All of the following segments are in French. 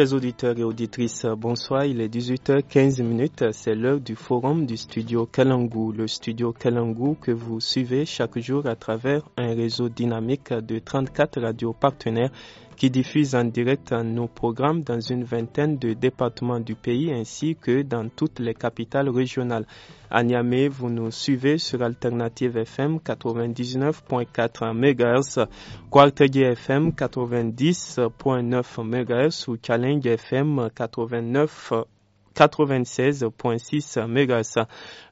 Chers auditeurs et auditrices, bonsoir. Il est 18h15 C'est l'heure du forum du studio Kalangou. Le studio Kalangou que vous suivez chaque jour à travers un réseau dynamique de 34 radios partenaires qui diffuse en direct nos programmes dans une vingtaine de départements du pays ainsi que dans toutes les capitales régionales. À Niamey, vous nous suivez sur Alternative FM 99.4 MHz, Quartier FM 90.9 MHz ou Challenge FM 89 96.6 MHz.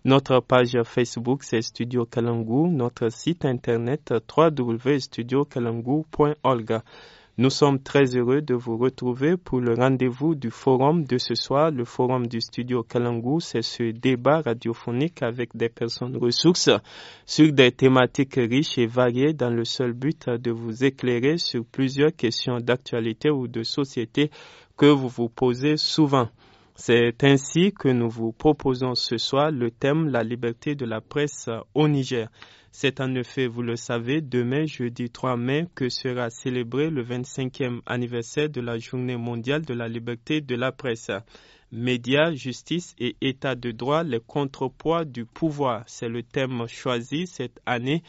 Notre page Facebook, c'est Studio Kalangu. Notre site internet, www.studiokalangu.org. Nous sommes très heureux de vous retrouver pour le rendez-vous du forum de ce soir. Le forum du studio Kalangou, c'est ce débat radiophonique avec des personnes ressources sur des thématiques riches et variées dans le seul but de vous éclairer sur plusieurs questions d'actualité ou de société que vous vous posez souvent. C'est ainsi que nous vous proposons ce soir le thème La liberté de la presse au Niger. C'est en effet, vous le savez, demain, jeudi 3 mai, que sera célébré le 25e anniversaire de la Journée mondiale de la liberté de la presse. Médias, justice et état de droit, les contrepoids du pouvoir, c'est le thème choisi cette année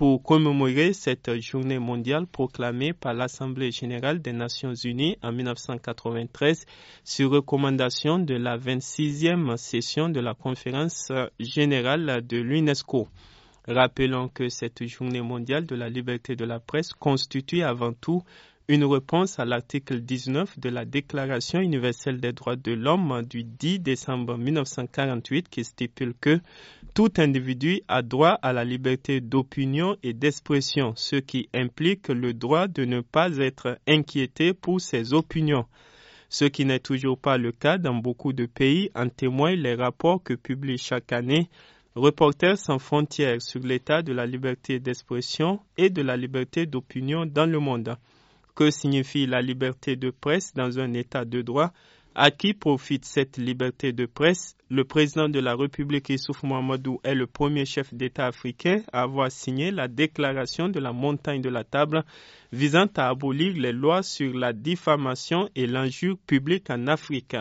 pour commémorer cette journée mondiale proclamée par l'Assemblée générale des Nations unies en 1993 sur recommandation de la 26e session de la conférence générale de l'UNESCO. Rappelons que cette journée mondiale de la liberté de la presse constitue avant tout une réponse à l'article 19 de la Déclaration universelle des droits de l'homme du 10 décembre 1948 qui stipule que tout individu a droit à la liberté d'opinion et d'expression, ce qui implique le droit de ne pas être inquiété pour ses opinions ce qui n'est toujours pas le cas dans beaucoup de pays, en témoignent les rapports que publie chaque année Reporters sans frontières sur l'état de la liberté d'expression et de la liberté d'opinion dans le monde. Que signifie la liberté de presse dans un État de droit À qui profite cette liberté de presse Le président de la République Issouf Mohamedou est le premier chef d'État africain à avoir signé la déclaration de la montagne de la table visant à abolir les lois sur la diffamation et l'injure publique en Afrique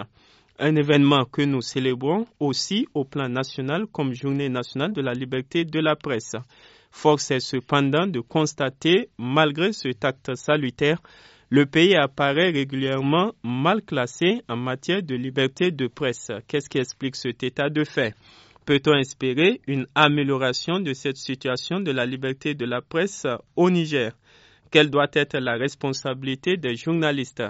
un événement que nous célébrons aussi au plan national comme Journée nationale de la liberté de la presse. Force est cependant de constater, malgré cet acte salutaire, le pays apparaît régulièrement mal classé en matière de liberté de presse. Qu'est-ce qui explique cet état de fait Peut-on espérer une amélioration de cette situation de la liberté de la presse au Niger Quelle doit être la responsabilité des journalistes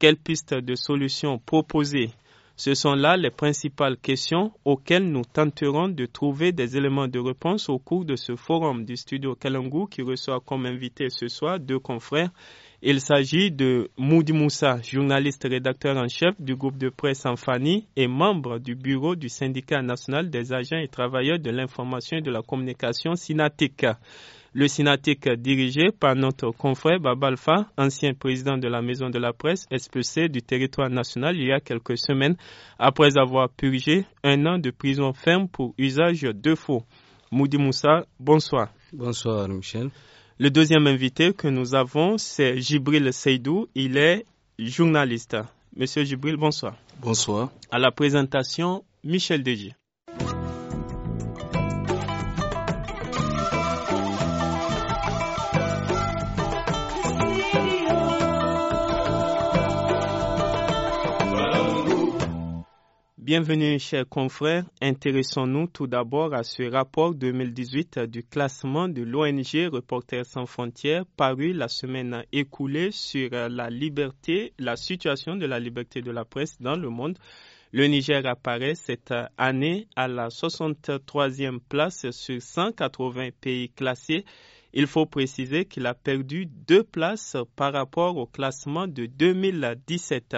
Quelle piste de solutions proposer ce sont là les principales questions auxquelles nous tenterons de trouver des éléments de réponse au cours de ce forum du studio Kalangu qui reçoit comme invité ce soir deux confrères. Il s'agit de Moudi Moussa, journaliste rédacteur en chef du groupe de presse Enfani et membre du bureau du syndicat national des agents et travailleurs de l'information et de la communication Sinatica le Synatique dirigé par notre confrère Babalfa, ancien président de la Maison de la Presse, SPC du territoire national il y a quelques semaines après avoir purgé un an de prison ferme pour usage de faux. Moudi Moussa, bonsoir. Bonsoir Michel. Le deuxième invité que nous avons, c'est Gibril Seydou. Il est journaliste. Monsieur Gibril, bonsoir. Bonsoir. À la présentation, Michel Deji. Bienvenue, chers confrères. Intéressons-nous tout d'abord à ce rapport 2018 du classement de l'ONG Reporters sans frontières paru la semaine écoulée sur la liberté, la situation de la liberté de la presse dans le monde. Le Niger apparaît cette année à la 63e place sur 180 pays classés. Il faut préciser qu'il a perdu deux places par rapport au classement de 2017.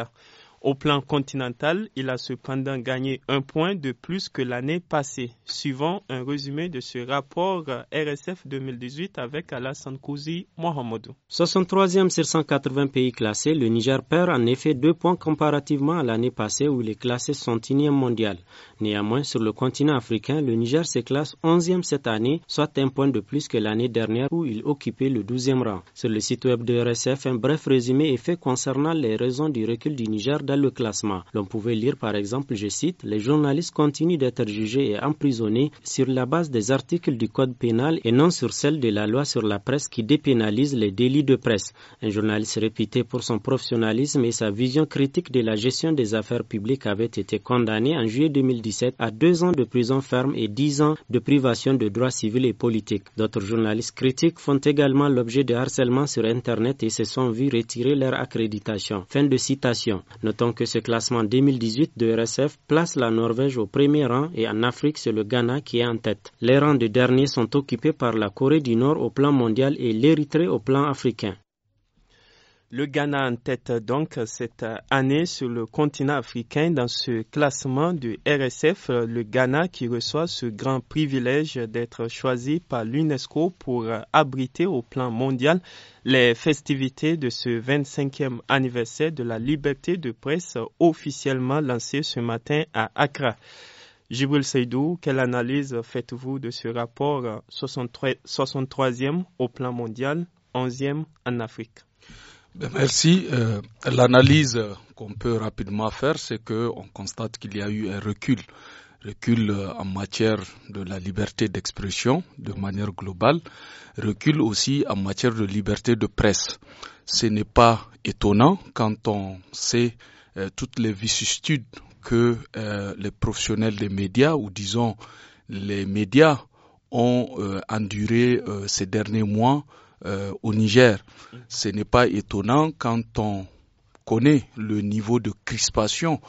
Au plan continental, il a cependant gagné un point de plus que l'année passée, suivant un résumé de ce rapport RSF 2018 avec Alassane Kouzi Mohamedou. 63e sur 180 pays classés, le Niger perd en effet deux points comparativement à l'année passée où il est classé 101e mondial. Néanmoins, sur le continent africain, le Niger se classe 11e cette année, soit un point de plus que l'année dernière où il occupait le 12e rang. Sur le site web de RSF, un bref résumé est fait concernant les raisons du recul du Niger dans le classement. L'on pouvait lire par exemple, je cite, Les journalistes continuent d'être jugés et emprisonnés sur la base des articles du Code pénal et non sur celle de la loi sur la presse qui dépénalise les délits de presse. Un journaliste réputé pour son professionnalisme et sa vision critique de la gestion des affaires publiques avait été condamné en juillet 2017 à deux ans de prison ferme et dix ans de privation de droits civils et politiques. D'autres journalistes critiques font également l'objet de harcèlement sur Internet et se sont vus retirer leur accréditation. Fin de citation. Notre Tant que ce classement 2018 de RSF place la Norvège au premier rang et en Afrique, c'est le Ghana qui est en tête. Les rangs de dernier sont occupés par la Corée du Nord au plan mondial et l'Érythrée au plan africain. Le Ghana en tête donc cette année sur le continent africain dans ce classement du RSF, le Ghana qui reçoit ce grand privilège d'être choisi par l'UNESCO pour abriter au plan mondial les festivités de ce 25e anniversaire de la liberté de presse officiellement lancée ce matin à Accra. Jibril Seydou, quelle analyse faites-vous de ce rapport 63e au plan mondial, 11e en Afrique ben, merci. Euh, l'analyse qu'on peut rapidement faire, c'est qu'on constate qu'il y a eu un recul recul euh, en matière de la liberté d'expression de manière globale, recul aussi en matière de liberté de presse. Ce n'est pas étonnant quand on sait euh, toutes les vicissitudes que les professionnels des médias ou disons les médias ont enduré ces derniers mois euh, au Niger. Ce n'est pas étonnant quand on connaît le niveau de crispation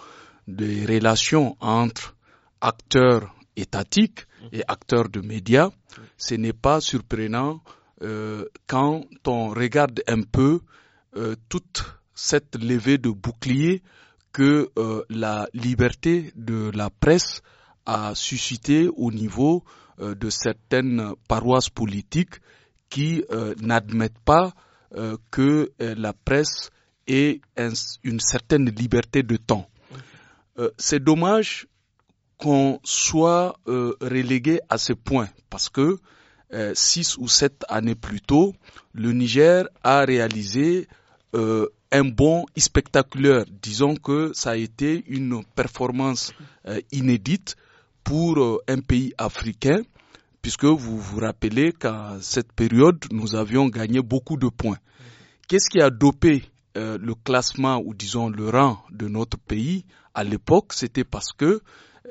des relations entre acteurs étatiques et acteurs de médias. Ce n'est pas surprenant euh, quand on regarde un peu euh, toute cette levée de boucliers que la liberté de la presse a suscité au niveau de certaines paroisses politiques qui euh, n'admettent pas euh, que euh, la presse ait une certaine liberté de temps. C'est dommage qu'on soit relégué à ce point parce que six ou sept années plus tôt, le Niger a réalisé un bon spectaculaire. Disons que ça a été une performance inédite pour un pays africain puisque vous vous rappelez qu'à cette période, nous avions gagné beaucoup de points. Qu'est-ce qui a dopé euh, le classement ou disons le rang de notre pays à l'époque C'était parce que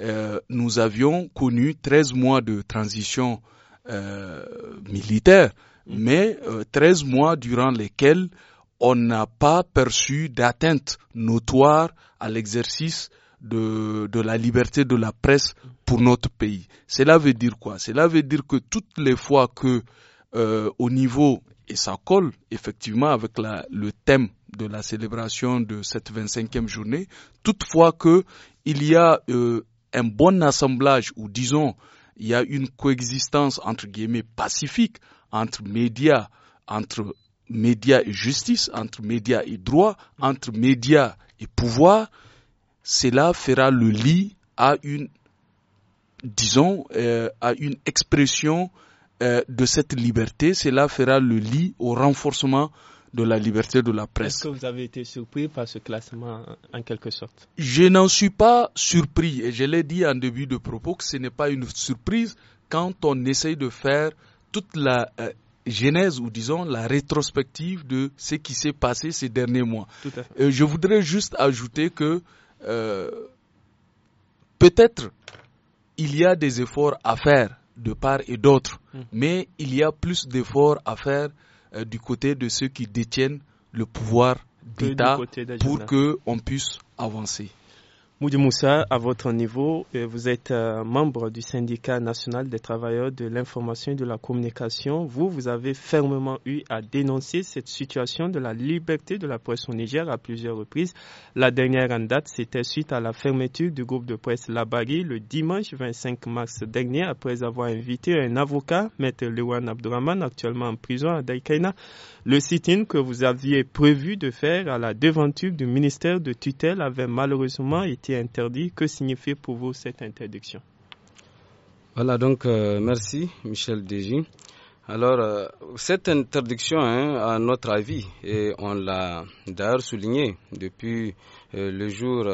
euh, nous avions connu 13 mois de transition euh, militaire, mais 13 mois durant lesquels on n'a pas perçu d'atteinte notoire à l'exercice de, la liberté de la presse pour notre pays. Cela veut dire quoi Cela veut dire que toutes les fois que euh, au niveau et ça colle effectivement avec le thème de la célébration de cette 25e journée, toutefois que il y a euh, un bon assemblage ou disons il y a une coexistence entre guillemets pacifique entre médias, entre médias et justice, entre médias et droit, entre médias et pouvoir, cela fera le lit à une, disons, euh, à une expression euh, de cette liberté. Cela fera le lit au renforcement de la liberté de la presse. Est-ce que vous avez été surpris par ce classement en quelque sorte Je n'en suis pas surpris et je l'ai dit en début de propos que ce n'est pas une surprise quand on essaye de faire toute la euh, genèse ou disons la rétrospective de ce qui s'est passé ces derniers mois. je voudrais juste ajouter que euh, peut-être il y a des efforts à faire de part et d'autre, hmm. mais il y a plus d'efforts à faire euh, du côté de ceux qui détiennent le pouvoir d'État pour que on puisse avancer. Moudi Moussa, à votre niveau, euh, vous êtes euh, membre du syndicat national des travailleurs de l'information et de la communication. Vous, vous avez fermement eu à dénoncer cette situation de la liberté de la presse au Niger à plusieurs reprises. La dernière en date, c'était suite à la fermeture du groupe de presse Labari le dimanche 25 mars dernier, après avoir invité un avocat, Maître Lewan Abdourahman, actuellement en prison à Daikaina, le sit-in que vous aviez prévu de faire à la devanture du ministère de tutelle avait malheureusement été interdit. Que signifie pour vous cette interdiction Voilà, donc euh, merci Michel Déji. Alors, euh, cette interdiction, hein, à notre avis, et on l'a d'ailleurs souligné depuis euh, le jour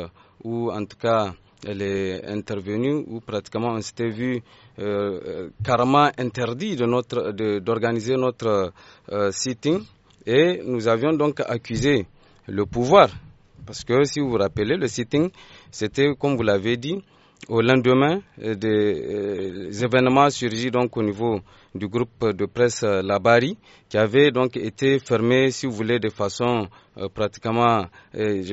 où, en tout cas, elle est intervenue où pratiquement on s'était vu carrément interdit de notre d'organiser notre sitting et nous avions donc accusé le pouvoir parce que si vous vous rappelez le sitting c'était, comme vous l'avez dit, au lendemain des, euh, événements surgis donc au niveau du groupe de presse euh, Labari qui avait donc été fermé si vous voulez de façon euh, pratiquement et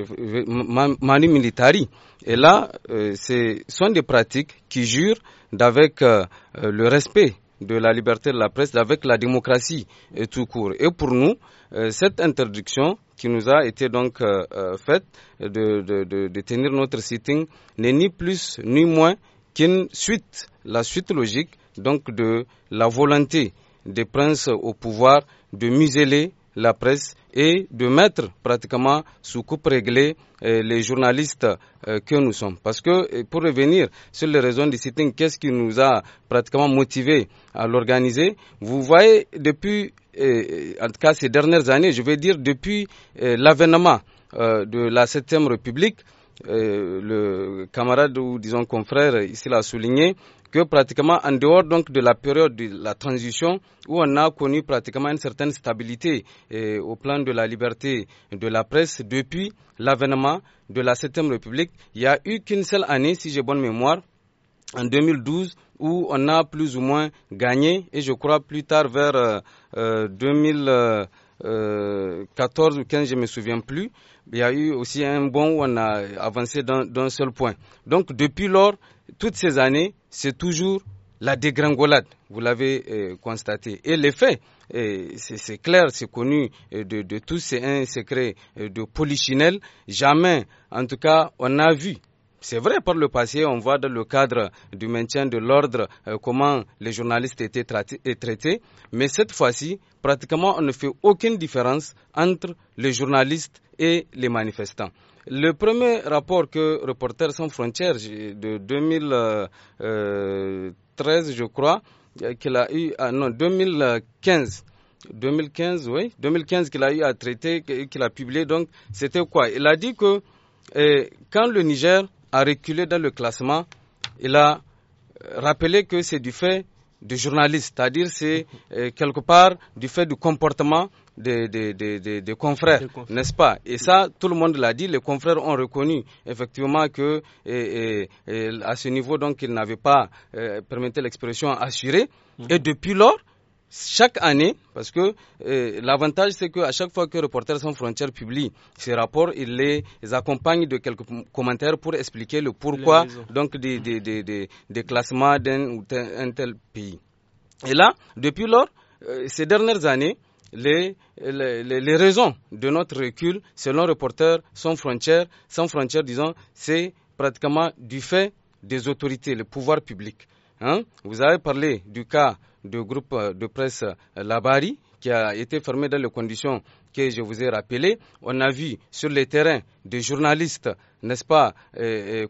là ce sont des pratiques qui jurent d'avec le respect de la liberté de la presse, avec la démocratie tout court. Et pour nous, cette interdiction qui nous a été donc euh, euh, faite de, tenir notre sitting n'est ni plus ni moins qu'une suite, la suite logique donc de la volonté des princes au pouvoir de museler la presse et de mettre pratiquement sous coupe réglée euh, les journalistes euh, que nous sommes. Parce que euh, pour revenir sur les raisons de sitting, qu'est-ce qui nous a pratiquement motivé à l'organiser Vous voyez, depuis, en tout cas ces dernières années, je vais dire depuis l'avènement de la 7 ème République, le camarade ou disons confrère ici l'a souligné, que pratiquement en dehors donc de la période de la transition où on a connu pratiquement une certaine stabilité eh, au plan de la liberté de la presse depuis l'avènement de la 7 République, il n'y a eu qu'une seule année, si j'ai bonne mémoire, en 2012 où on a plus ou moins gagné et je crois plus tard vers euh, euh, euh ou 15, je ne me souviens plus. Il y a eu aussi un bon où on a avancé d'un seul point. Donc depuis lors, toutes ces années, c'est toujours la dégringolade, vous l'avez euh, constaté. Et les faits, euh, c'est clair, c'est connu euh, de, tous, c'est un secret de polichinelle. Jamais, en tout cas, on a vu. C'est vrai, par le passé, on voit dans le cadre du maintien de l'ordre comment les journalistes étaient traités, mais cette fois-ci, pratiquement, on ne fait aucune différence entre les journalistes et les manifestants. Le premier rapport que reporter sans frontières de 2013, euh, je crois, euh, qu'il a eu, non, 2015, 2015, oui, 2015 qu'il a eu à traiter, qu'il a publié. Donc, c'était quoi Il a dit que euh, quand le Niger a reculé dans le classement, il a rappelé que c'est du fait du journaliste, c'est-à-dire c'est quelque part du fait du comportement des, confrères, n'est-ce pas Et ça, tout le monde l'a dit, les confrères ont reconnu effectivement que à ce niveau, donc, ils n'avaient pas, euh, l'expression, assurée. Mm. Et depuis lors, chaque année, parce que euh, l'avantage c'est qu'à chaque fois que Reporters sans frontières publie ses rapports, il les accompagne de quelques commentaires pour expliquer le pourquoi donc des, classements d'un ou tel pays. Et là, depuis lors, euh, ces dernières années, les, raisons de notre recul, selon Reporters sans frontières, sans frontières, disons, c'est pratiquement du fait des autorités, le pouvoir public. Hein? Vous avez parlé du cas du groupe de presse euh, Labari qui a été fermé dans les conditions que je vous ai rappelées. On a vu sur le terrain des journalistes n'est-ce pas,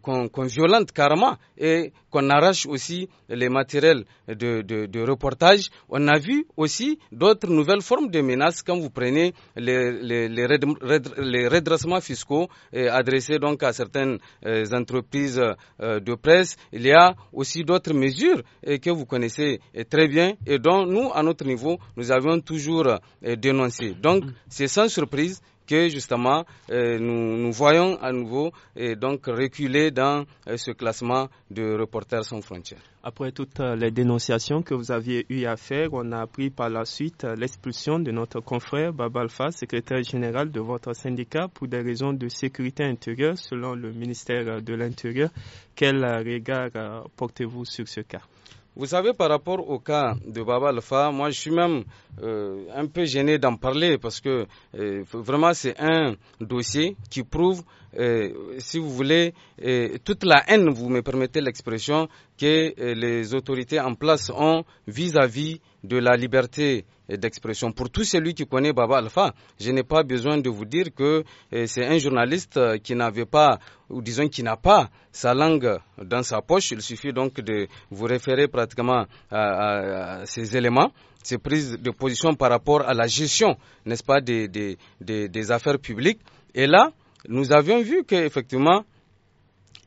qu'on violente carrément et qu'on arrache aussi les matériels de, de, reportage. On a vu aussi d'autres nouvelles formes de menaces quand vous prenez les, les, redressements fiscaux adressés donc à certaines euh, entreprises euh, de presse. Il y a aussi d'autres mesures que vous connaissez très bien et dont nous, à notre niveau, nous avons toujours euh, dénoncé. Donc, mm. c'est sans surprise que justement euh, nous, nous, voyons à nouveau et donc reculer dans euh, ce classement de Reporters sans frontières. Après toutes euh, les dénonciations que vous aviez eu à faire, on a appris par la suite l'expulsion de notre confrère Babalfa, secrétaire général de votre syndicat, pour des raisons de sécurité intérieure, selon le ministère de l'Intérieur. Quel regard portez-vous sur ce cas vous savez, par rapport au cas de Baba Alpha, moi je suis même euh, un peu gêné d'en parler parce que euh, vraiment c'est un dossier qui prouve euh, si vous voulez, euh, toute la haine, vous me permettez l'expression, que euh, les autorités en place ont vis-à-vis de la liberté d'expression. Pour tout celui qui connaît Baba Alpha, je n'ai pas besoin de vous dire que c'est un journaliste qui n'avait pas, ou disons qui n'a pas sa langue dans sa poche. Il suffit donc de vous référer pratiquement à, ces éléments ces prises de position par rapport à la gestion, n'est-ce pas, des affaires publiques. Et là, nous avions vu qu'effectivement,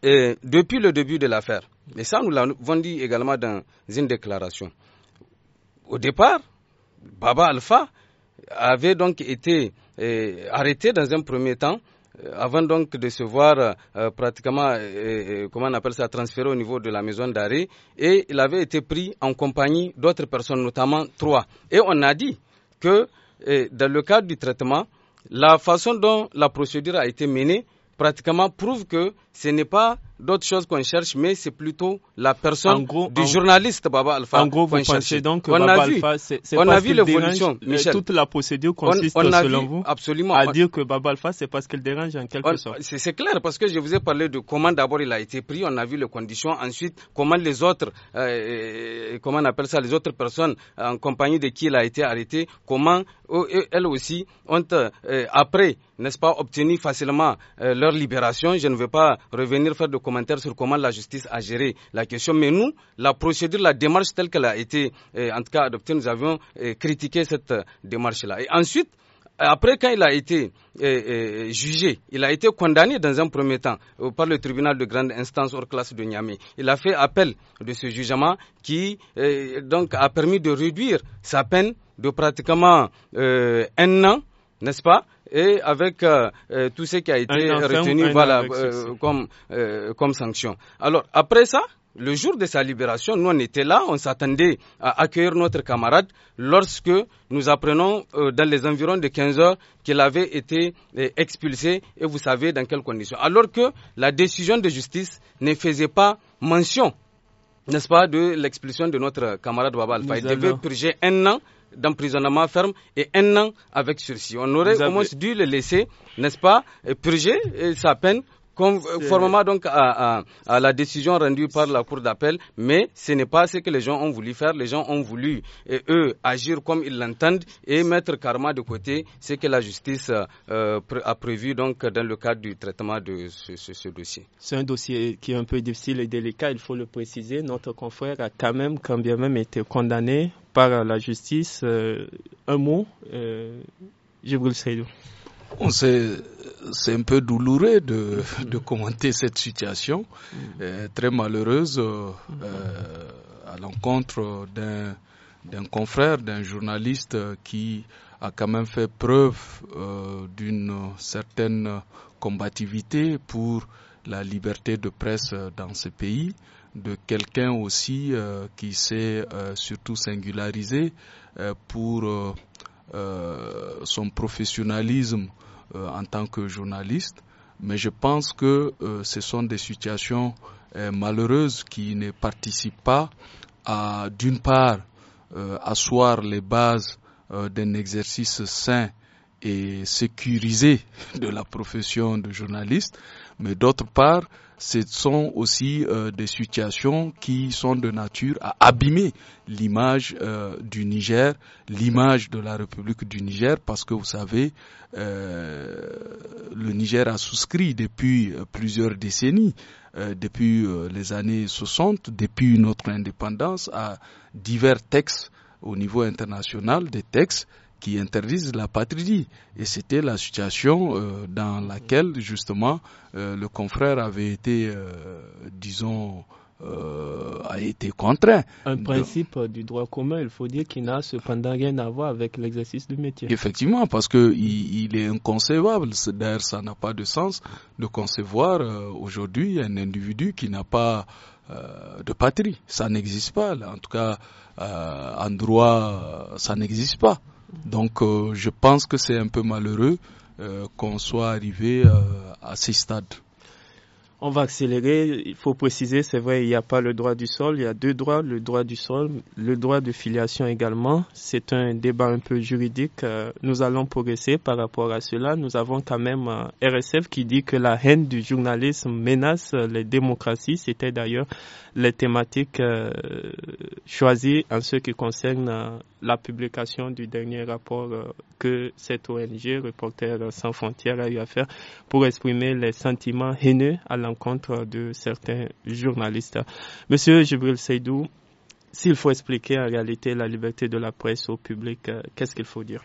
euh, depuis le début de l'affaire, et ça nous l'avons dit également dans une déclaration, au départ, Baba Alpha avait donc été euh, arrêté dans un premier temps euh, avant donc de se voir pratiquement, comment on appelle ça, transféré au niveau de la maison d'arrêt, et il avait été pris en compagnie d'autres personnes, notamment trois. Et on a dit que dans le cadre du traitement, la façon dont la procédure a été menée pratiquement prouve que ce n'est pas d'autres choses qu'on cherche, mais c'est plutôt la personne du journaliste Baba Alpha. En gros, vous pensez cherche. donc que on Baba a vu, Alpha, c'est on a vu euh, Toute la procédure consiste, selon vous, absolument. à dire que Baba Alpha, c'est parce qu'elle dérange en quelque sorte. C'est clair, parce que je vous ai parlé de comment d'abord il a été pris, on a vu les conditions, ensuite comment les autres, euh, euh, comment on appelle ça, les autres personnes en compagnie de qui il a été arrêté, comment elles aussi ont après, n'est-ce pas, obtenu facilement leur libération. Je ne vais pas revenir faire de comment sur comment la justice a géré la question. Mais nous, la procédure, la démarche telle qu'elle a été, euh, en tout cas, adoptée, nous avions euh, critiqué cette euh, démarche-là. Et ensuite, après quand il a été jugé, il a été condamné dans un premier temps par le tribunal de grande instance hors classe de Niamey. Il a fait appel de ce jugement qui donc a permis de réduire sa peine de pratiquement un an, n'est-ce pas et avec euh, euh, tout ce qui a été retenu euh, comme, comme sanction. Alors après ça, le jour de sa libération, nous on était là, on s'attendait à accueillir notre camarade lorsque nous apprenons dans les environs de 15 heures qu'il avait été expulsé et vous savez dans quelles conditions. Alors que la décision de justice ne faisait pas mention n'est-ce pas, de l'expulsion de notre camarade Baba Il devait purger un an d'emprisonnement ferme et un an avec sursis. On aurait au moins dû le laisser, n'est-ce pas, purger euh, sa peine conformément donc à, la décision rendue par la Cour d'appel, mais ce n'est pas ce que les gens ont voulu faire. Les gens ont voulu, eux, agir comme ils l'entendent et mettre karma de côté ce que la justice euh, a prévu donc, dans le cadre du traitement de ce, dossier. C'est un dossier qui est un peu difficile et délicat, il faut le préciser. Notre confrère a quand même, quand bien même, été condamné par la justice. Euh, un mot, euh, Jibril Seydou. On c'est un peu douloureux de, mm-hmm. de commenter cette situation mm-hmm. euh, très malheureuse euh, mm-hmm. euh, à l'encontre d'un confrère, d'un journaliste euh, qui a quand même fait preuve euh, d'une certaine combativité pour la liberté de presse dans ce pays, de quelqu'un aussi qui s'est surtout singularisé pour euh, son professionnalisme euh, en tant que journaliste, mais je pense que euh, ce sont des situations malheureuses qui ne participent pas à, d'une part, asseoir les bases d'un exercice sain et sécurisé de la profession de journaliste, mais d'autre part, ce sont aussi euh, des situations qui sont de nature à abîmer l'image euh, du Niger, l'image de la République du Niger, parce que vous savez, euh, le Niger a souscrit depuis plusieurs décennies, depuis les années 60, depuis notre indépendance, à divers textes au niveau international, des textes qui interdisent la patrie. Et c'était la situation euh, dans laquelle justement euh, le confrère avait été, euh, disons, a été contraint. Un principe du droit commun, il faut dire, qu'il n'a cependant rien à voir avec l'exercice du métier. Effectivement, parce que il, est inconcevable. D'ailleurs, ça n'a pas de sens de concevoir aujourd'hui un individu qui n'a pas de patrie. Ça n'existe pas. En tout cas, un en droit, ça n'existe pas. Donc euh, je pense que c'est un peu malheureux euh, qu'on soit arrivé euh, à ces stades. On va accélérer. Il faut préciser, c'est vrai, il n'y a pas le droit du sol. Il y a deux droits, le droit du sol, le droit de filiation également. C'est un débat un peu juridique. Nous allons progresser par rapport à cela. Nous avons quand même RSF qui dit que la haine du journalisme menace les démocraties. C'était d'ailleurs les thématiques choisies en ce qui concerne la publication du dernier rapport euh, que cette ONG, Reporters sans frontières, a eu à faire pour exprimer les sentiments haineux à l'encontre de certains journalistes. Monsieur Jibril Seydou, s'il faut expliquer en réalité la liberté de la presse au public, euh, qu'est-ce qu'il faut dire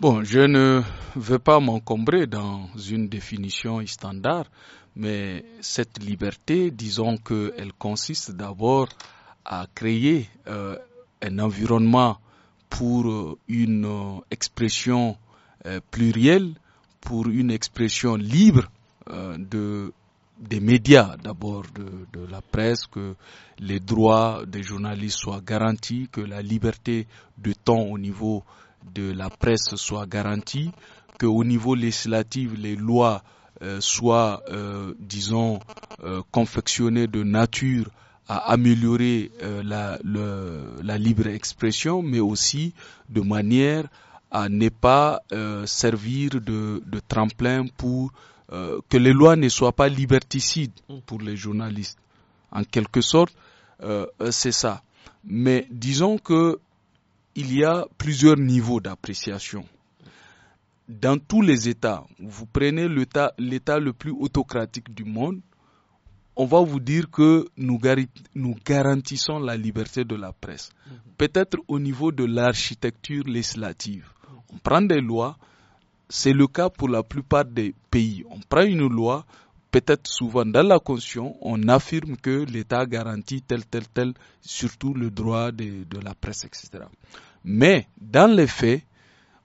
Bon, je ne veux pas m'encombrer dans une définition standard, mais cette liberté, disons qu'elle consiste d'abord à créer euh, un environnement pour euh, une euh, expression euh, plurielle, pour une expression libre de des médias, d'abord de, la presse, que les droits des journalistes soient garantis, que la liberté de temps au niveau de la presse soit garantie, que au niveau législatif les lois soient, disons, confectionnées de nature à améliorer euh, la, libre expression, mais aussi de manière à ne pas euh, servir de, tremplin pour euh, que les lois ne soient pas liberticides mm. pour les journalistes. En quelque sorte, c'est ça. Mais disons que il y a plusieurs niveaux d'appréciation. Dans tous les États, vous prenez l'État le plus autocratique du monde, on va vous dire que nous, garantissons la liberté de la presse. Mhm. Peut-être au niveau de l'architecture législative. On prend des lois, c'est le cas pour la plupart des pays. On prend une loi, peut-être souvent dans la Constitution, on affirme que l'État garantit tel, tel, tel, surtout le droit de, de la presse, etc. Mais dans les faits,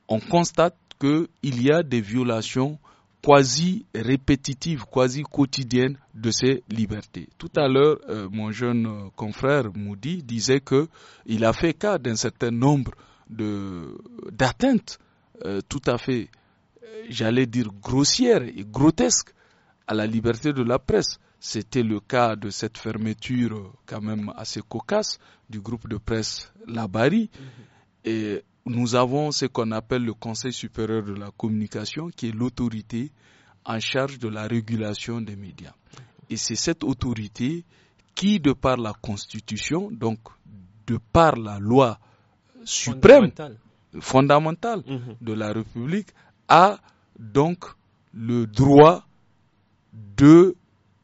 on constate qu'il y a des violations quasi répétitive, quasi quotidienne de ces libertés. Tout à l'heure, euh, mon jeune euh, confrère Moudi disait que il a fait cas d'un certain nombre de d'atteintes euh, tout à fait, j'allais dire grossières et grotesques à la liberté de la presse. C'était le cas de cette fermeture quand même assez cocasse du groupe de presse Labari. Mm-hmm. Et nous avons ce qu'on appelle le Conseil supérieur de la communication, qui est l'autorité en charge de la régulation des médias. Et c'est cette autorité qui, de par la Constitution, donc de par la loi suprême, fondamentale, mm-hmm. de la République, a donc le droit de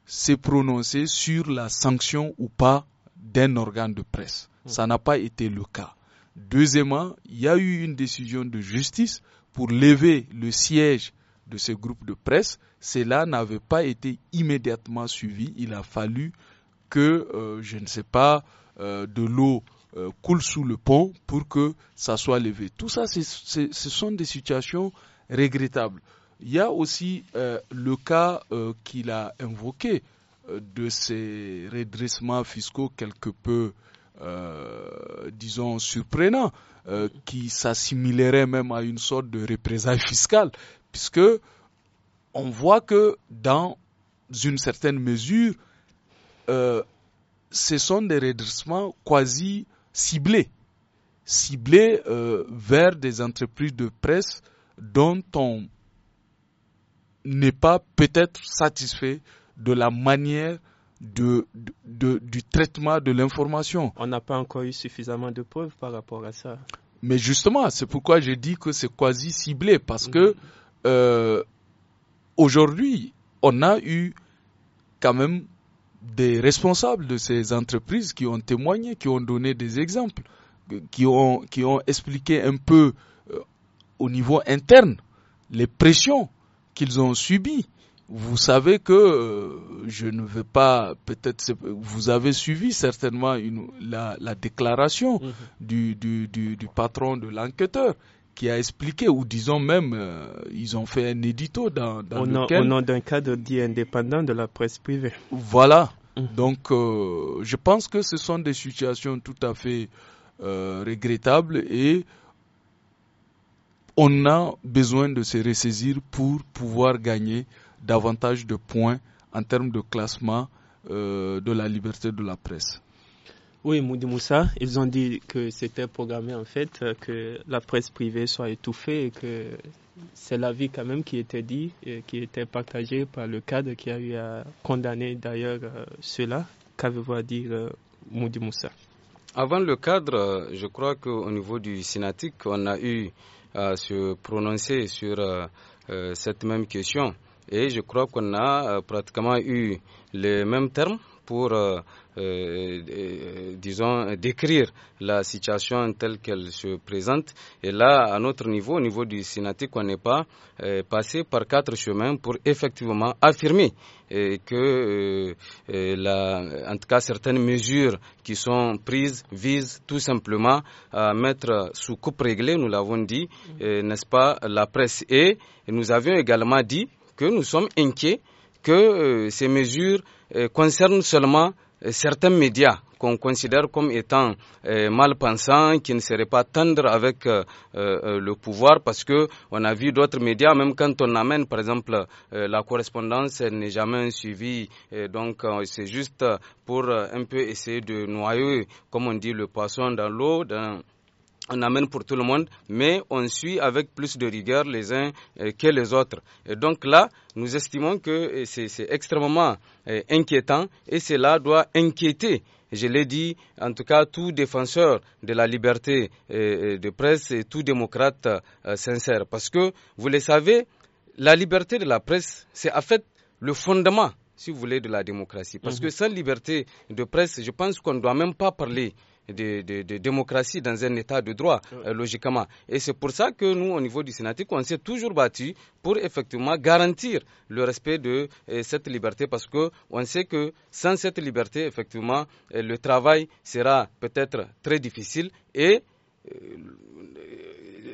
se prononcer sur la sanction ou pas d'un organe de presse. Mm. Ça n'a pas été le cas. Deuxièmement, il y a eu une décision de justice pour lever le siège de ce groupe de presse. Cela n'avait pas été immédiatement suivi. Il a fallu que, euh, je ne sais pas, euh, de l'eau euh, coule sous le pont pour que ça soit levé. Tout ça, ce sont des situations regrettables. Il y a aussi le cas qu'il a invoqué de ces redressements fiscaux quelque peu euh, disons, surprenant, euh, qui s'assimilerait même à une sorte de représailles fiscales, puisque on voit que dans une certaine mesure, euh, ce sont des redressements quasi ciblés, ciblés vers des entreprises de presse dont on n'est pas peut-être satisfait de la manière du traitement de l'information. On n'a pas encore eu suffisamment de preuves par rapport à ça. Mais justement, c'est pourquoi j'ai dit que c'est quasi ciblé, parce que mhm. euh, aujourd'hui, on a eu quand même des responsables de ces entreprises qui ont témoigné, qui ont donné des exemples, qui ont, qui ont expliqué un peu euh, au niveau interne les pressions qu'ils ont subies vous savez que euh, je ne veux pas, peut-être, vous avez suivi certainement la, déclaration mhm. du, patron de l'enquêteur qui a expliqué, ou disons même, euh, ils ont fait un édito dans, au, lequel... au nom d'un cadre dit indépendant de la presse privée. Voilà. Mhm. Donc, euh, je pense que ce sont des situations tout à fait regrettables et on a besoin de se ressaisir pour pouvoir gagner davantage de points en termes de classement euh, de la liberté de la presse. Oui, Moudi Moussa, ils ont dit que c'était programmé en fait euh, que la presse privée soit étouffée et que c'est l'avis quand même qui était dit et qui était partagé par le cadre qui a eu à condamner d'ailleurs euh, cela. Qu'avez-vous à dire, Moudi Moussa Avant le cadre, je crois qu'au niveau du Sénatique, on a eu à se prononcer sur cette même question. Et je crois qu'on a euh, pratiquement eu les mêmes termes pour, euh, euh, disons, décrire la situation telle qu'elle se présente. Et là, à notre niveau, au niveau du Sénatique, on n'est pas passé par quatre chemins pour effectivement affirmer que, en tout cas, certaines mesures qui sont prises visent tout simplement à mettre sous coupe réglée, nous l'avons dit, n'est-ce pas, la presse. Et nous avions également dit que nous sommes inquiets que euh, ces mesures euh, concernent seulement euh, certains médias qu'on considère comme étant mal pensants, qui ne seraient pas tendres avec le pouvoir, parce que on a vu d'autres médias, même quand on amène, par exemple, la correspondance, elle n'est jamais suivie. donc, c'est juste pour un peu essayer de noyer, comme on dit, le poisson dans l'eau, dans on amène pour tout le monde, mais on suit avec plus de rigueur les uns euh, que les autres. donc là, nous estimons que euh, c'est extrêmement euh, inquiétant et cela doit inquiéter je l'ai dit, en tout cas, tout défenseur de la liberté de presse et tout démocrate sincère. Parce que, vous le savez, la liberté de la presse, c'est en fait le fondement, si vous voulez, de la démocratie. Parce mmh que sans liberté de presse, je pense qu'on ne doit même pas parler de, démocratie, dans un état de droit, euh, logiquement. Et c'est pour ça que nous, au niveau du Sénatique, on s'est toujours battu pour effectivement garantir le respect de euh, cette liberté, parce que on sait que sans cette liberté, effectivement, euh, le travail sera peut-être très difficile et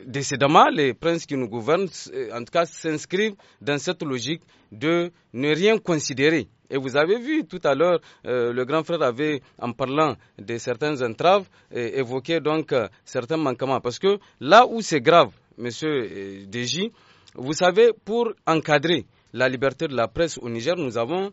décédemment, les princes qui nous gouvernent, euh, en tout cas, s'inscrivent dans cette logique de ne rien considérer. Et vous avez vu tout à l'heure, euh, le grand frère avait, en parlant de certaines entraves, euh, évoqué donc certains manquements. Parce que là où c'est grave, monsieur DJ, vous savez, pour encadrer la liberté de la presse au Niger, nous avons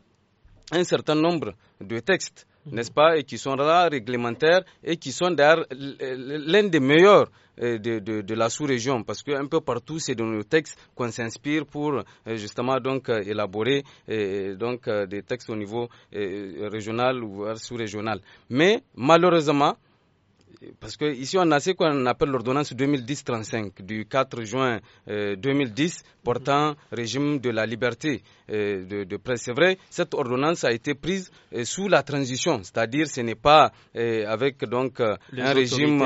un certain nombre de textes Mhm. n'est-ce pas, et qui sont là réglementaires et qui sont d'ailleurs l'un des meilleurs euh, de, la sous-région, parce qu'un peu partout, c'est dans nos textes qu'on s'inspire pour euh, justement donc euh, élaborer donc des textes au niveau régional ou sous-régional. Mais malheureusement, parce qu'ici on a ce qu'on appelle l'ordonnance 2010-35 du 4 juin 2010 portant mhm. régime de la liberté euh, de, presse. C'est vrai, cette ordonnance a été prise euh, sous la transition, c'est-à-dire ce n'est pas euh, avec donc un régime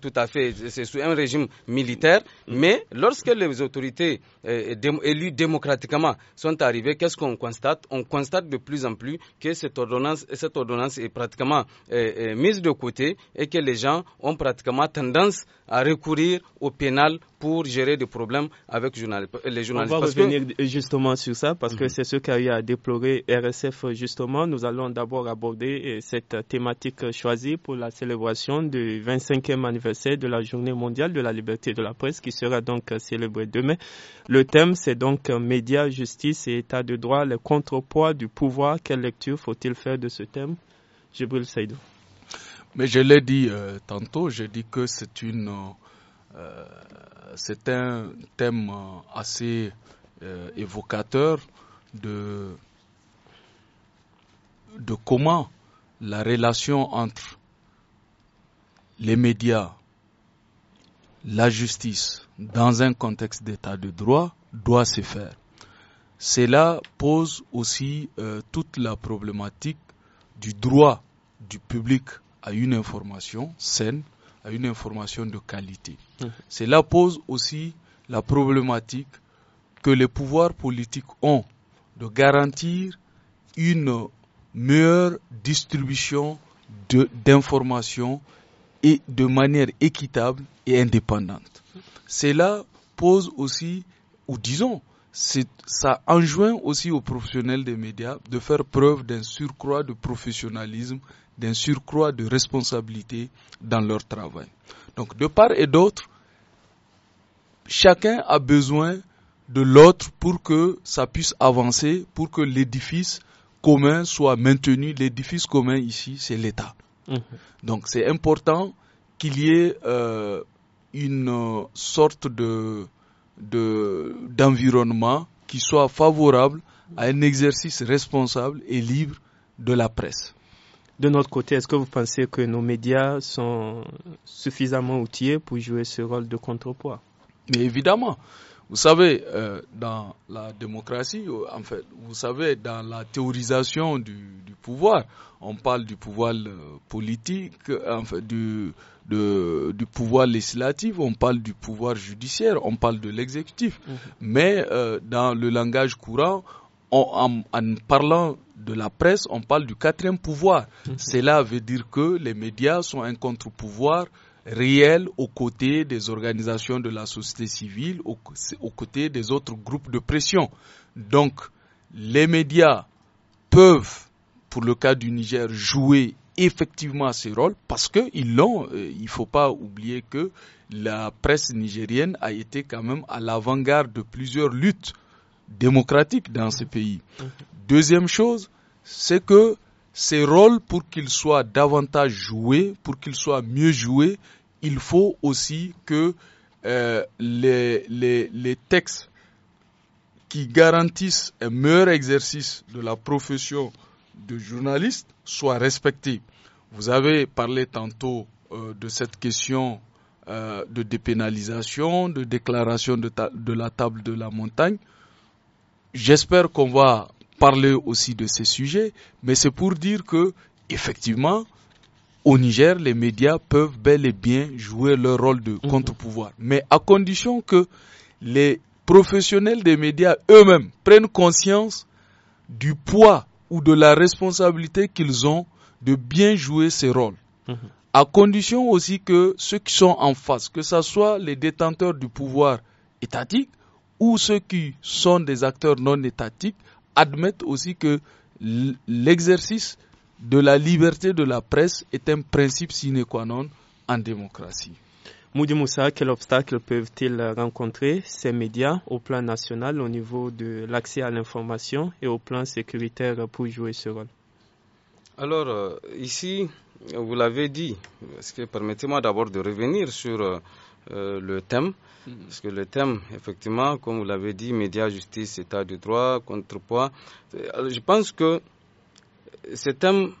tout à fait, un régime militaire, mm. mais lorsque les autorités élues démocratiquement sont arrivées, qu'est-ce qu'on constate On constate de plus en plus que cette ordonnance, cette ordonnance est pratiquement mise de côté et que les gens ont pratiquement tendance à recourir au pénal pour gérer des problèmes avec euh, les journalistes. On va revenir euh, justement sur ça parce que mhm. c'est ce qu'a eu à déplorer RSF euh, justement. Nous allons d'abord aborder cette thématique choisie pour la célébration du 25e anniversaire de la Journée mondiale de la liberté de la presse qui sera donc célébrée demain. Le thème c'est donc médias, justice et état de droit, le contrepoids du pouvoir. Quelle lecture faut-il faire de ce thème Jibril Saïdou. Mais je l'ai dit tantôt, je dis que c'est une euh, c'est un thème euh, assez euh, évocateur de, de comment la relation entre les médias, la justice, dans un contexte d'état de droit, doit se faire. Cela pose aussi toute la problématique du droit du public à une information saine, à une information de qualité. Mmh. Cela pose aussi la problématique que les pouvoirs politiques ont de garantir une meilleure distribution d'informations et de manière équitable et indépendante. Cela pose aussi, ou disons, ça enjoint aussi aux professionnels des médias de faire preuve d'un surcroît de professionnalisme d'un surcroît de responsabilité dans leur travail. Donc de part et d'autre, chacun a besoin de l'autre pour que ça puisse avancer, pour que l'édifice commun soit maintenu. L'édifice commun ici, c'est l'État. Mhm. Donc c'est important qu'il y ait euh, une sorte de d'environnement qui soit favorable à un exercice responsable et libre de la presse. De notre côté, est-ce que vous pensez que nos médias sont suffisamment outillés pour jouer ce rôle de contrepoids Mais évidemment, vous savez, euh, dans la démocratie, euh, en fait, vous savez, dans la théorisation du, pouvoir, on parle du pouvoir euh, politique, en fait, du, du pouvoir législatif, on parle du pouvoir judiciaire, on parle de l'exécutif. Mm-hmm. Mais dans le langage courant, en parlant de la presse, on parle du quatrième pouvoir. Mhm. Cela veut dire que les médias sont un contre-pouvoir réel aux côtés des organisations de la société civile, aux, côtés des autres groupes de pression. Donc, les médias peuvent, pour le cas du Niger, jouer effectivement ces rôles parce qu'ils l'ont. Euh, il ne faut pas oublier que la presse nigérienne a été quand même à l'avant-garde de plusieurs luttes démocratiques dans ce mhm. pays. Deuxième chose, c'est que ces rôles, pour qu'ils soient davantage joués, pour qu'ils soient mieux joués, il faut aussi que euh, les, les, textes qui garantissent un meilleur exercice de la profession de journaliste soient respectés. Vous avez parlé tantôt euh, de cette question euh, de dépénalisation, de déclaration de la table de la montagne. J'espère qu'on va parler aussi de ces sujets, mais c'est pour dire que, effectivement, au Niger, les médias peuvent bel et bien jouer leur rôle de mhm. contre-pouvoir, mais à condition que les professionnels des médias eux-mêmes prennent conscience du poids ou de la responsabilité qu'ils ont de bien jouer ces rôles. Mhm. À condition aussi que ceux qui sont en face, que ce soit les détenteurs du pouvoir étatique ou ceux qui sont des acteurs non étatiques, admettent aussi que l'exercice de la liberté de la presse est un principe sine qua non en démocratie. Moudi Moussa, quel obstacle peuvent-ils rencontrer ces médias au plan national, au niveau de l'accès à l'information et au plan sécuritaire pour jouer ce rôle Alors, euh, ici, vous l'avez dit, permettez-moi d'abord de revenir sur euh, le thème parce que le thème, effectivement, comme vous l'avez dit, médias, justice, état de droit, contrepoids, je pense que ce thème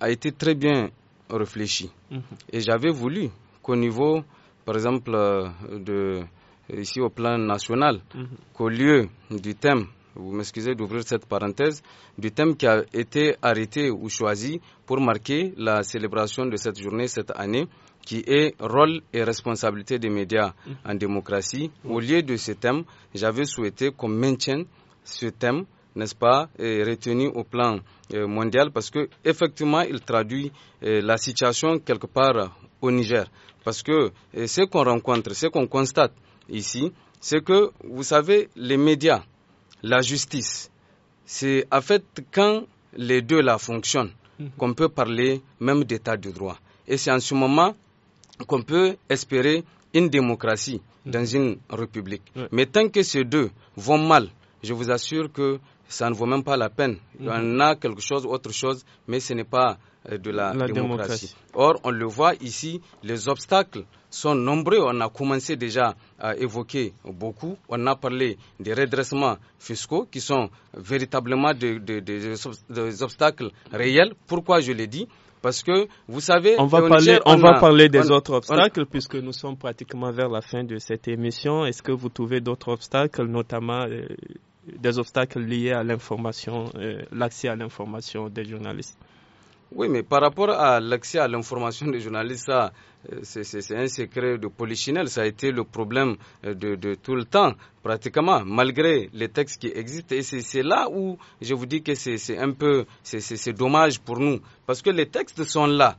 a été très bien réfléchi. Mhm. Et j'avais voulu qu'au niveau, par exemple, euh, de, ici au plan national, mhm. qu'au lieu du thème, vous m'excusez d'ouvrir cette parenthèse, du thème qui a été arrêté ou choisi pour marquer la célébration de cette journée cette année, qui est rôle et responsabilité des médias mm. en démocratie. Au lieu de ce thème, j'avais souhaité qu'on maintienne ce thème n'est-ce pas, et retenu au plan euh, mondial parce que effectivement il traduit euh, la situation quelque part au Niger. Parce que euh, ce qu'on rencontre, ce qu'on constate ici, c'est que vous savez, les médias, la justice, c'est en fait quand les deux là fonctionnent mm-hmm. qu'on peut parler même d'état de droit. Et c'est en ce moment qu'on peut espérer une démocratie dans une république. Mais tant que ces deux vont mal, je vous assure que ça ne vaut même pas la peine. Il mhm. On a quelque chose, autre chose, mais ce n'est pas euh, de la, démocratie. Or, on le voit ici, les obstacles sont nombreux. On a commencé déjà à évoquer beaucoup. On a parlé des redressements fiscaux qui sont véritablement des, des obstacles réels. Pourquoi je l'ai dit parce que, vous savez, on va, parler, des autres obstacles puisque nous sommes pratiquement vers la fin de cette émission. Est-ce que vous trouvez d'autres obstacles, notamment euh, des obstacles liés à l'information, euh, l'accès à l'information des journalistes oui, mais par rapport à l'accès à l'information des journalistes, euh, c'est un secret de polichinelle. Ça a été le problème euh, de, tout le temps, pratiquement, malgré les textes qui existent. Et c'est là où je vous dis que c'est un peu, dommage pour nous, parce que les textes sont là,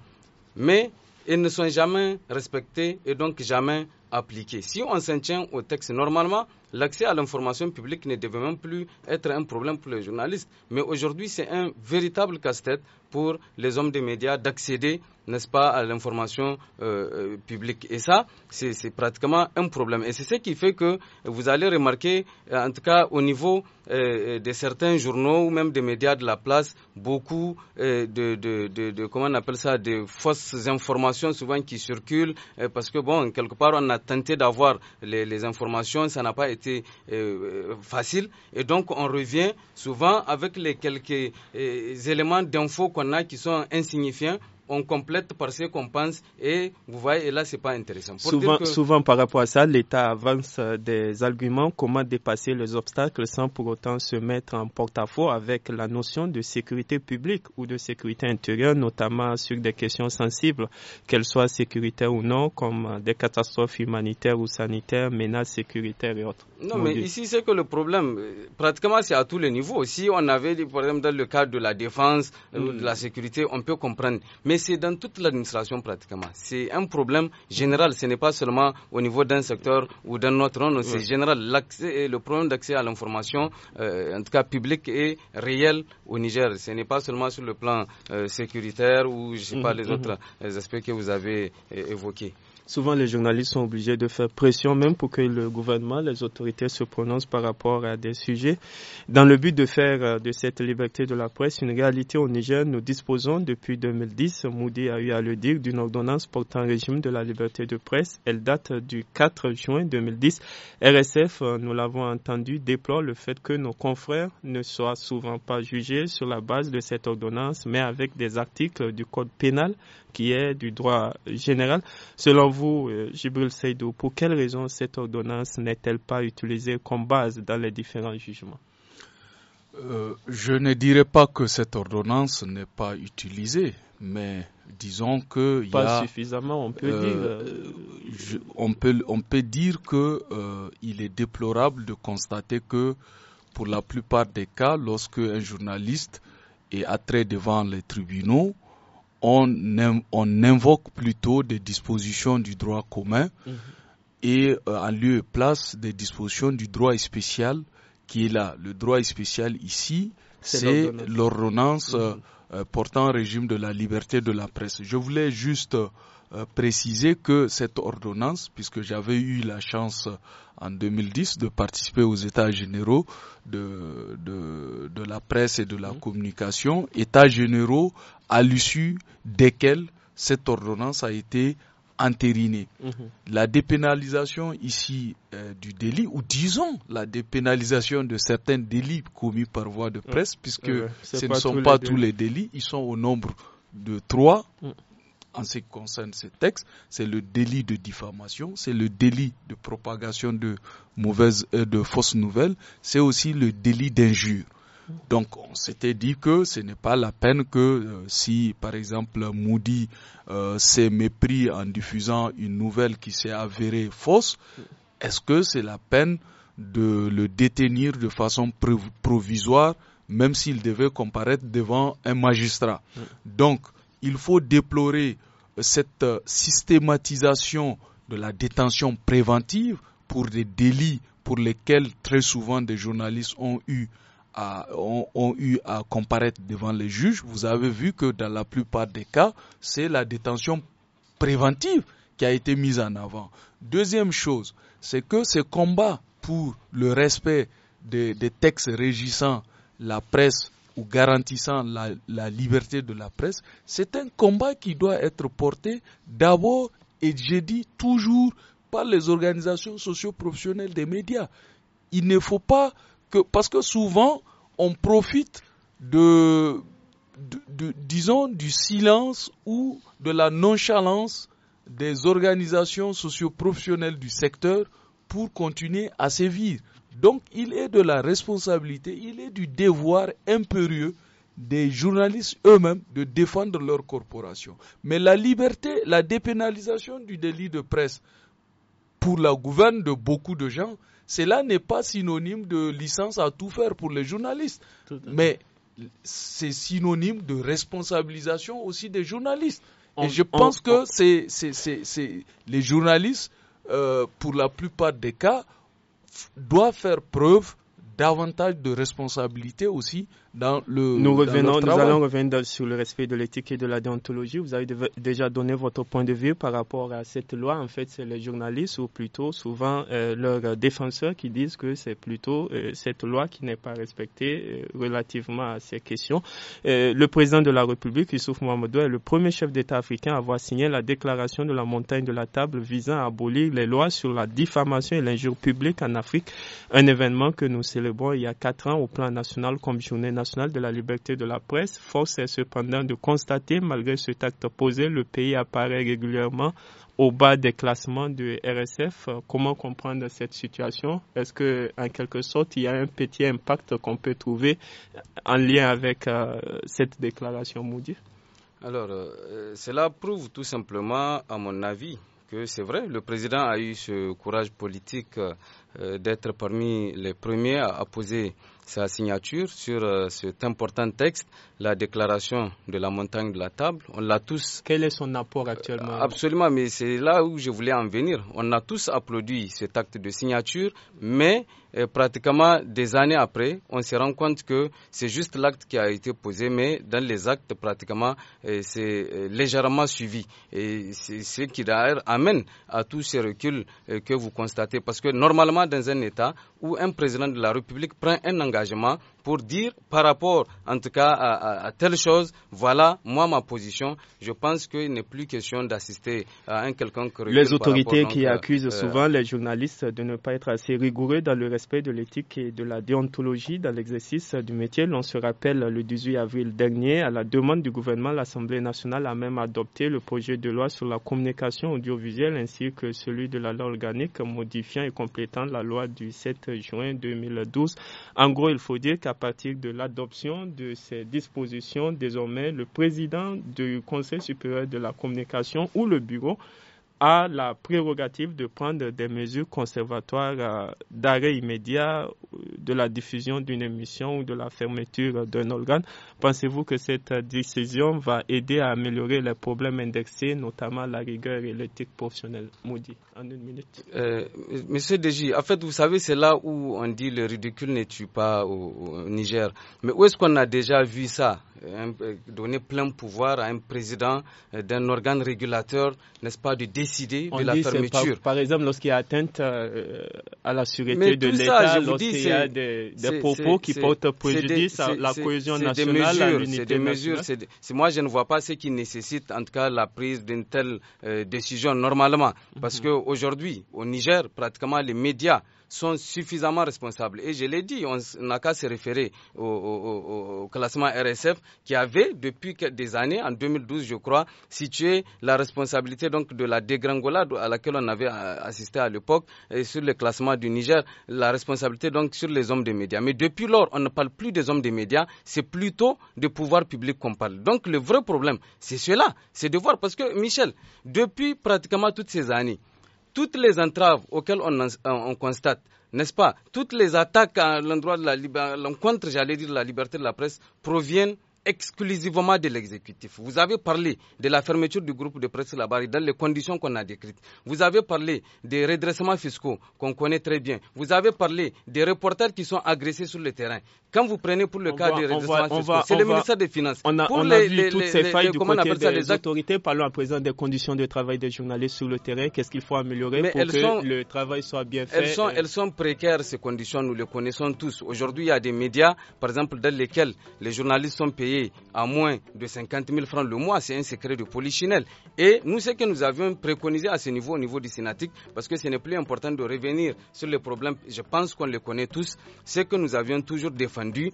mais ils ne sont jamais respectés et donc jamais appliqués. Si on s'en tient aux textes normalement, l'accès à l'information publique ne devait même plus être un problème pour les journalistes. Mais aujourd'hui, c'est un véritable casse-tête pour les hommes des médias d'accéder, n'est-ce pas, à l'information euh, euh, publique. Et ça, c'est pratiquement un problème. Et c'est ce qui fait que vous allez remarquer, euh, en tout cas au niveau de certains journaux ou même des médias de la place, beaucoup de, comment on appelle ça, de fausses informations souvent qui circulent parce que, bon, quelque part, on a tenté d'avoir les, les informations, ça n'a pas été euh, euh, facile. Et donc, on revient souvent avec les quelques euh, éléments d'infos qu'on a qui sont insignifiants on complète par ce qu'on pense et vous voyez, et là, c'est pas intéressant. souvent, souvent, par rapport à ça, l'État avance euh, des arguments, comment dépasser les obstacles sans pour autant se mettre en porte-à-faux avec la notion de sécurité publique ou de sécurité intérieure, notamment sur des questions sensibles, qu'elles soient sécuritaires ou non, comme euh, des catastrophes humanitaires ou sanitaires, menaces sécuritaires et autres. Non, mais ici, c'est que le problème, euh, pratiquement, c'est à tous les niveaux. Si on avait, par exemple, dans le cadre de la défense, ou mm. de la sécurité, on peut comprendre mais c'est dans toute l'administration pratiquement. C'est un problème général, ce n'est pas seulement au niveau d'un secteur ou d'un autre, c'est général. le problème d'accès à l'information, euh, en tout cas publique, est réel au Niger. Ce n'est pas seulement sur le plan euh, sécuritaire ou je sais pas mmh, les mmh. autres euh, aspects que vous avez évoqués souvent les journalistes sont obligés de faire pression même pour que le gouvernement, les autorités se prononcent par rapport à des sujets. Dans le but de faire euh, de cette liberté de la presse une réalité au Niger, nous disposons depuis 2010, Moody a eu à le dire, d'une ordonnance portant régime de la liberté de presse. Elle date du 4 juin 2010. RSF, euh, nous l'avons entendu, déplore le fait que nos confrères ne soient souvent pas jugés sur la base de cette ordonnance, mais avec des articles du Code pénal qui est du droit général. Selon vous, euh, Jibril Seydou, pour quelles raisons cette ordonnance n'est-elle pas utilisée comme base dans les différents jugements euh, je ne dirais pas que cette ordonnance n'est pas utilisée, mais disons que pas y a, suffisamment, on peut euh, dire. on peut on peut dire que est déplorable de constater que pour la plupart des cas, lorsque un journaliste est attrait devant les tribunaux, on, invoque plutôt des dispositions du droit commun mm-hmm. et euh, en lieu et place des dispositions du droit spécial qui est là. Le droit spécial ici, c'est l'ordonnance mm-hmm. euh, euh, portant régime de la liberté de la presse. Je voulais juste préciser que cette ordonnance, puisque j'avais eu la chance en 2010 de participer aux États généraux de, la presse et de la mm-hmm. communication, États généraux à l'issue desquelles cette ordonnance a été entérinée. Mhm. La dépénalisation ici euh, du délit, ou disons la dépénalisation de certains délits commis par voie de presse, puisque ce ne sont pas tous les délits, ils sont au nombre de trois. Mm. En ce qui concerne ce texte, c'est le délit de diffamation, c'est le délit de propagation de mauvaises, euh, de fausses nouvelles, c'est aussi le délit d'injure. Donc on s'était dit que ce n'est pas la peine que euh, si par exemple Moody euh, s'est mépris en diffusant une nouvelle qui s'est avérée fausse, est-ce que c'est la peine de le détenir de façon provisoire même s'il devait comparaître devant un magistrat. Donc il faut déplorer cette euh, systématisation de la détention préventive pour des délits pour lesquels très souvent des journalistes ont eu ont, eu à comparaître devant les juges, vous avez vu que dans la plupart des cas, c'est la détention préventive qui a été mise en avant. Deuxième chose, c'est que ce combat pour le respect des, textes régissant la presse ou garantissant la, la liberté de la presse, c'est un combat qui doit être porté d'abord et j'ai dit toujours par les organisations socio-professionnelles des médias. Il ne faut pas parce que souvent, on profite de, disons, du silence ou de la nonchalance des organisations socioprofessionnelles du secteur pour continuer à sévir. Donc il est de la responsabilité, il est du devoir impérieux des journalistes eux-mêmes de défendre leur corporation. Mais la liberté, la dépénalisation du délit de presse pour la gouverne de beaucoup de gens, cela n'est pas synonyme de licence à tout faire pour les journalistes, mais c'est synonyme de responsabilisation aussi des journalistes. Et je pense que c'est, les journalistes, euh, pour la plupart des cas, doivent faire preuve davantage de responsabilités aussi dans le. Nous revenons, nous allons revenir sur le respect de l'éthique et de la déontologie. Vous avez déjà donné votre point de vue par rapport à cette loi. En fait, c'est les journalistes ou plutôt souvent euh, leurs défenseurs qui disent que c'est plutôt euh, cette loi qui n'est pas respectée euh, relativement à ces questions. le président de la République, Issouf Mohamedou, est le premier chef d'État africain à avoir signé la déclaration de la montagne de la table visant à abolir les lois sur la diffamation et l'injure publique en Afrique, un événement que nous il y a quatre ans au plan national comme Journée nationale de la liberté de la presse, force est cependant de constater, malgré cet acte posé, le pays apparaît régulièrement au bas des classements de RSF. Comment comprendre cette situation Est-ce que, en quelque sorte, il y a un petit impact qu'on peut trouver en lien avec euh, cette déclaration Moudi Alors, euh, cela prouve tout simplement, à mon avis, que c'est vrai, le président a eu ce courage politique euh, d'être parmi les premiers à apposer sa signature sur euh, cet important texte, la déclaration de la montagne de la table. On l'a tous. Quel est son apport actuellement euh, Absolument, mais c'est là où je voulais en venir. On a tous applaudi cet acte de signature, mais et euh, pratiquement des années après, on se rend compte que c'est juste l'acte qui a été posé, mais dans les actes, pratiquement, euh, c'est euh, légèrement suivi. Et c'est ce qui d'ailleurs amène à tous ces reculs que vous constatez. Parce que normalement, dans un État où un président de la République prend un engagement, pour dire par rapport, en tout cas, à, telle chose, voilà, moi, ma position. Je pense qu'il n'est plus question d'assister à un quelconque Les autorités qui euh, accusent euh, souvent les journalistes de ne pas être assez rigoureux dans le respect de l'éthique et de la déontologie dans l'exercice du métier. L'on se rappelle le 18 avril dernier, à la demande du gouvernement, l'Assemblée nationale a même adopté le projet de loi sur la communication audiovisuelle ainsi que celui de la loi organique modifiant et complétant la loi du 7 juin 2012. En gros, il faut dire qu'à à partir de l'adoption de ces dispositions, désormais, le président du Conseil supérieur de la communication ou le bureau a la prérogative de prendre des mesures conservatoires euh, d'arrêt immédiat euh, de la diffusion d'une émission ou de la fermeture d'un organe. Pensez-vous que cette décision va aider à améliorer les problèmes indexés, notamment la rigueur et l'éthique professionnelle Maudit, en une minute. Euh, monsieur Deji, en fait, vous savez, c'est là où on dit le ridicule ne tue pas au, Niger. Mais où est-ce qu'on a déjà vu ça Donner plein pouvoir à un président d'un organe régulateur, n'est-ce pas, de décider on fermeture. Par, exemple, lorsqu'il y a atteinte euh, à la sûreté de l'État, lorsqu'il y a des, propos qui portent préjudice à la cohésion nationale, C'est des mesures. moi, je ne vois pas ce qui nécessite, en tout cas, la prise d'une telle euh, décision normalement. Parce mhm. qu'aujourd'hui, au Niger, pratiquement les médias sont suffisamment responsables. Et je l'ai dit, on n'a qu'à se référer au, classement RSF qui avait, depuis des années, en 2012 je crois, situé la responsabilité donc de la dégringolade à laquelle on avait euh, assisté à l'époque sur le classement du Niger, la responsabilité donc sur les hommes des médias. Mais depuis lors, on ne parle plus des hommes des médias, c'est plutôt des pouvoirs publics qu'on parle. Donc le vrai problème, c'est cela, c'est de voir, parce que Michel, depuis pratiquement toutes ces années, toutes les entraves auxquelles on, constate, n'est-ce pas, toutes les attaques à l'endroit de la l'encontre, j'allais dire, la liberté de la presse proviennent exclusivement de l'exécutif. Vous avez parlé de la fermeture du groupe de presse Labari dans les conditions qu'on a décrites. Vous avez parlé des redressements fiscaux qu'on connaît très bien. Vous avez parlé des reporters qui sont agressés sur le terrain. Quand vous prenez pour le cas des redressements fiscaux, c'est le ministère des Finances. On a, pour les, vu toutes ces failles du côté des, autorités. Parlons à présent des conditions de travail des journalistes sur le terrain. Qu'est-ce qu'il faut améliorer pour que le travail soit bien fait elles sont, elles sont précaires, ces conditions. Nous les connaissons tous. Aujourd'hui, il y a des médias, par exemple, dans lesquels les journalistes sont payés à moins de 50 000 francs le mois. C'est un secret de polichinelle. Et nous, ce que nous avions préconisé à ce niveau, au niveau du Sénatique, parce que ce n'est plus important de revenir sur les problèmes, je pense qu'on les connaît tous, c'est que nous avions toujours défendu.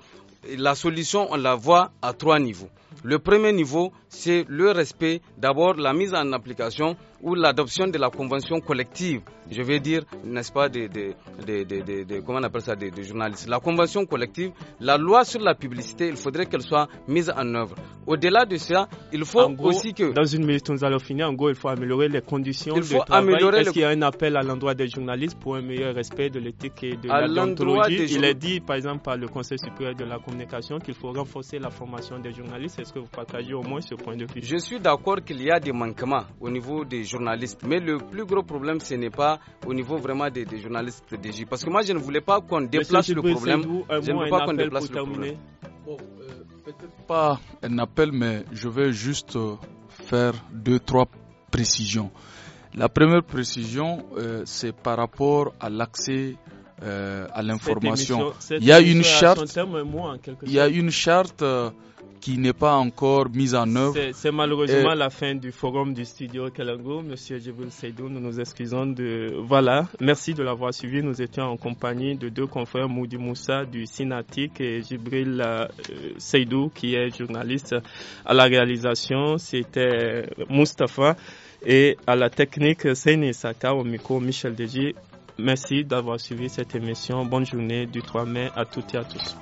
La solution, on la voit à trois niveaux. Le premier niveau, c'est le respect, d'abord la mise en application ou l'adoption de la convention collective, je vais dire, n'est-ce pas, des de, comment on appelle ça, des journalistes. La convention collective, la loi sur la publicité, il faudrait qu'elle soit mise en œuvre. Au-delà de ça, il faut aussi que... Dans une minute, nous allons finir. En gros, il faut améliorer les conditions il faut de travail. Améliorer Est-ce qu'il y a un appel à l'endroit des journalistes pour un meilleur respect de l'éthique et de la Il est dit, par exemple, par le Conseil supérieur de la communication qu'il faut renforcer la formation des journalistes. Est-ce que vous partagez au moins ce point de vue Je suis d'accord qu'il y a des manquements au niveau des journalistes. Mais le plus gros problème, ce n'est pas au niveau vraiment des, journalistes PDJ. Parce que moi, je ne voulais pas qu'on déplace le problème. Je ne veux pas qu'on déplace le problème. Euh, peut-être pas un appel, mais je vais juste euh, faire deux, trois précisions. La première précision, euh, c'est par rapport à l'accès à l'information. Il y a une charte. il y a une charte qui n'est pas encore mise en œuvre. C'est malheureusement la fin du forum du studio Kalango. Monsieur Djibril Seydou, nous nous excusons de. Voilà, merci de l'avoir suivi. Nous étions en compagnie de deux confrères, Moudi Moussa du Sinatic et Djibril euh, Seydou, qui est journaliste à la réalisation. C'était Moustapha Et à la technique, Seine Saka, au micro, Michel Deji. Merci d'avoir suivi cette émission. Bonne journée du 3 mai à toutes et à tous.